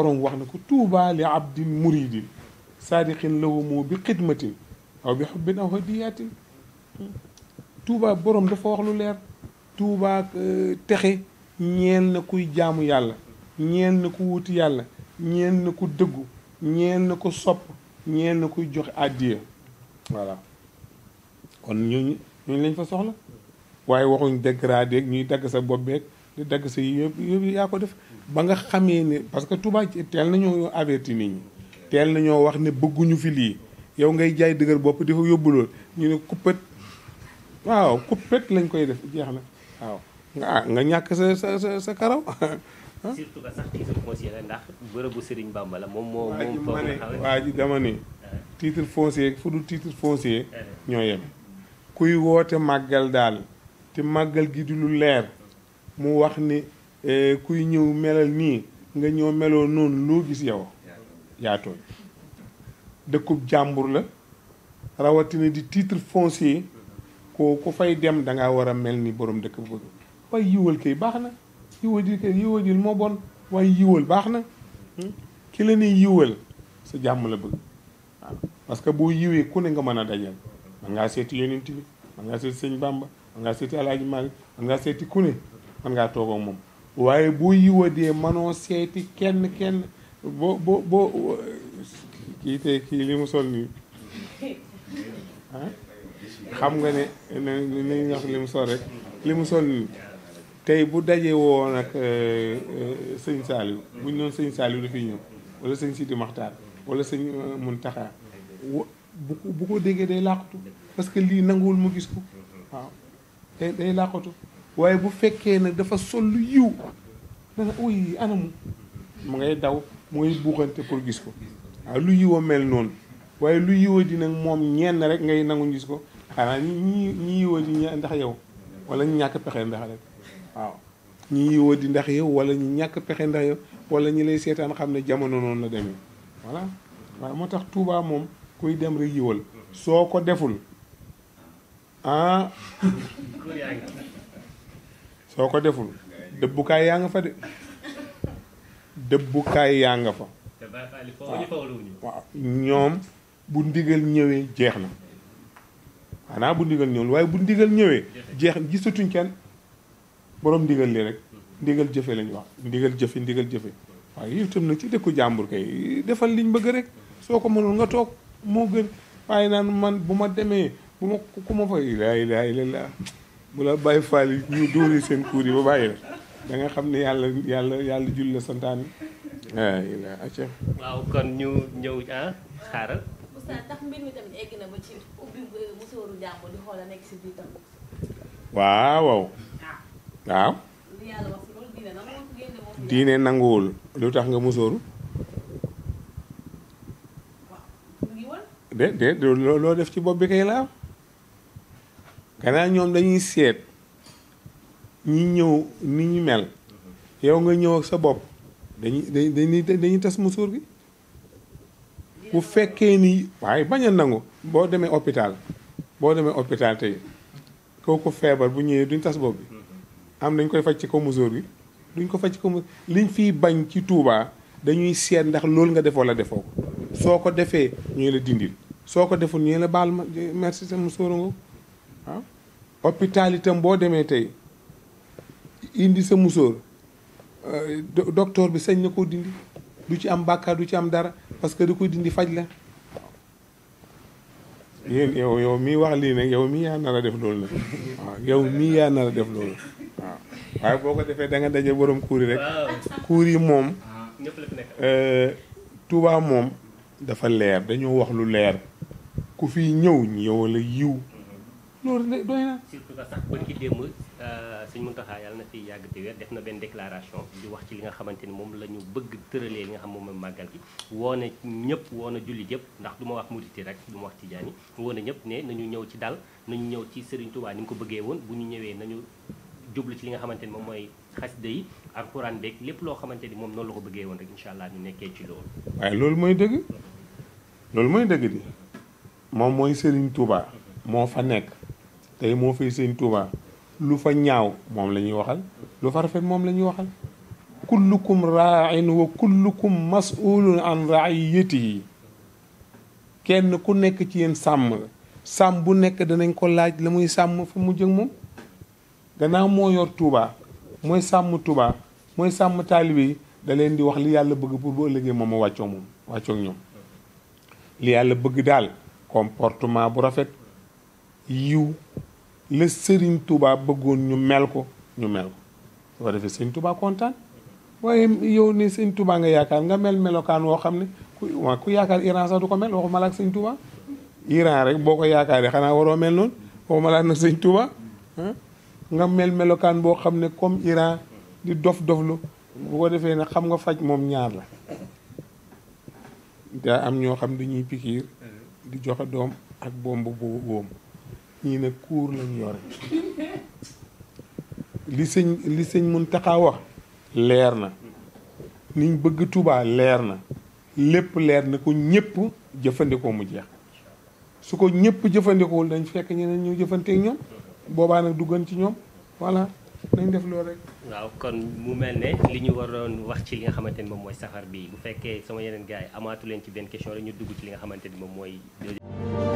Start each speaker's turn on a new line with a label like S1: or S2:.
S1: borom wax na ko tuuba li abdin muridin saadiqin lahu moo bi xidmatin aw bi xubbin aw hadiyatin tuuba dafa wax lu leer tuuba euh, texe ñeen na kuy jaamu yàlla ñeen ku wuti yàlla ñeen ku dëggu ñeen na ku sopp ñeen kuy joxe àddiya voilà kon ñooñu ñooñu lañ fa soxla waaye waxuñ dégradé ñuy dagg sa bopp beeg di dagg sa yëpp yëpp yaa ko def ba nga xamee ne parce que Touba teel nañoo averti nit ñi teel nañoo wax ne bëgguñu fi lii yow ngay jaay dëgër bopp di fa yóbbu lool ñu ne kuppet waaw kuppet lañ koy def jeex na waaw nga ah ñàkk sa sa sa karaw. moom moo. moom foofu la xamee waa ji dama ne titre fu dul titre foncier. Eh. ñoo yem kuy woote màggal daal te màggal gi du lu leer. mu wax ni eh, kuy ñëw melal nii nga ñëw meloo noonu loo gis yow yaa dëkku jàmbur la rawatina di titre foncier koo ku fay dem danga war a mel ni borom dëkk bu waaye yiwal kay baax na yiwal di kay yiwal di moo bon waaye yiwal baax na hmm? ki la ne yiwal sa jàmm la bëgg waaw parce que boo yiwee ku nga mën a dajal man ngaa seeti yonent bi man ngaa seeti sëñ Bamba man ngaa seeti Alaaji Maalik man ngaa seeti ku man ngaa toog moom waaye boo yiwadee manoo seeti kenn kenn boo boo boo kii tey kii li mu sol nii ah xam nga ne nañ wax li mu sol rek li mu sol nii tey bu daje woon ak euh, euh, sëñ Saliou buñ noonu sëñ Saliou dafay ñëw wala sëñ Sidi Maxtaar wala sëñ euh, Muntaxa bu ko bu ko déggee day làqatu parce que lii nanguwul mu gis ko waaw day day làqatu waaye bu fekkee nag dafa sol lu yiw dana uy anamu mu ngay daw mu ngay buuxante pour gis ko waaw ah, lu yiw mel noonu waaye lu yiwa di nag moom ñenn rek ngay nangu gis ko xanaa ah, ñi ñi yiwa ndax yow wala ñàkk pexe ndax rek waaw ñi yiwa di ndax yow wala ñu ñàkk pexe ndax yow wala ñi lay seetaan xam ne jamono noonu la demee voilà moo tax Touba moom kuy dem rek yiwal soo ko deful ah, soo ko deful dëbbukaay yaa nga fa de dëbbukaay yaa nga fa waaw ñoom bu ndigal ñëwee jeex na xanaa bu ndigal ñëwul waaye bu ndigal ñëwee jeex gisatuñ kenn boroom ndigal li rek ndigal jëfe lañu wax ndigal jëfe ndigal jëfe waaye yow itam nag ci dëkku jàmbur kay defal liñ bëgg rek soo ko mënul nga toog moo gën waaye naan man bu ma demee bu ma ku ma fay laa ilaaha bu la bàyyi faal yi ñu dóoree seen kuur yi ba bàyyi la da nga xam ni yàlla yàlla yàlla jul la santaan ah, ah waaw waaw waaw. diine nanguwul lu tax nga musóoru. de de loo def ci bopp bi kay la xanaa ñoom dañuy seet ñi ñëw ni ñu mel yow nga ñëw ak sa bopp dañuy dañuy dañuy tas musóor gi bu fekkee ni waaye bañ nangu boo demee hôpital boo demee hôpital tey kooku feebar bu ñëwee duñ tas bopp bi am dañ koy faj ci kaw musóor gi duñ ko faj ci kaw liñ fii bañ ci Touba dañuy seet ndax loolu nga defoo la defoo ko soo ko defee ñu la dindil soo ko deful ñu la baal ma merci sa musóor ah boo demee tey indi sa musóor euh, docteur bi sañ na koo dindi du ci am bàkkaar du ci am dara parce que da ko dindi faj la yéen yow yow mii wax lii nag yow mii yaa nar def loolu nag waaw yow mii yaa nar def loolu waaw waaye boo ko defee danga nga daje borom kuur rek kuur moom ah, euh, Tuubaa moom dafa leer dañoo wax lu leer ku fi ñëw ñëw la yiw loolu doy na. surtout que sax bari ki démb euh, sëñ Mountakha yàlla na fi yàgg te wér def na benn déclaration di wax ci li nga xamante ni moom la ñu bëgg tëralee li nga xam moom mooy màggal gi woo na ñëpp woo na julli yëpp ndax du ma wax muriti rek du ma wax tijaani woo na ñëpp ne nañu ñëw ci dal nañu ñëw ci Serigne Touba ni mu ko bëggee bu ñu ñëwee nañu jublu ci li nga xamante ni moom mooy xasida yi ak xuraan lépp loo xamante ni moom noonu la ko bëggee woon rek incha allah ñu nekkee ci loolu. waaye loolu mooy dëgg loolu mooy dëgg di moom mooy sëriñ Touba moo fa nekk tey moo fay sëñ Tuubaa lu fa ñaaw moom lañuy waxal lu fa rafet moom la ñuy waxal kullukum raain wa kullukum yi an raiyatihi kenn ku nekk ci yéen sàmm sàmm bu nekk danañ ko laaj la muy sàmm fu mu jëg moom gannaaw moo yor Tuubaa mooy sàmm Tuubaa mooy sàmm taalibe yi da leen di wax li yàlla bëgg pour bu ëllëgee moom a wàccoo moom wàccoog ñoom li yàlla bëgg daal comportement bu rafet yiw la sëriñ Touba bëggoon ñu mel ko ñu mel ko su ko defee sëñ Touba kontaan waaye yow ni sëñ tubaa nga yaakaar nga mel melokaan woo xam ne ku yaakaar Iran sax du ko mel waxuma la ak sëñ Touba Iran rek boo ko yaakaaree xanaa waroo mel noonu waxuma la ak Touba nga mel melokaan boo xam ne comme Iran di dof doflu bu ko defee ne xam nga faj moom ñaar la daa am ñoo xam dañuy pikiir di joxe doom ak bomb bu wóom ñii ne kuur lañ yore li sëñ li sëñ mun wax leer na niñ bëgg Tuubaa leer na lépp leer na ko ñëpp jëfandikoo mu jeex su ko ñëpp jëfandikoowul dañ fekk ñeneen ñu jëfanteek ñoom boobaa nag du ci ñoom voilà nañ def loolu rek. waaw kon mu mel ne li ñu waroon wax ci li nga xamante ni moom mooy safar bi bu fekkee sama yeneen gars yi amaatu leen ci benn question rek ñu dugg ci li nga xamante ni moom mooy.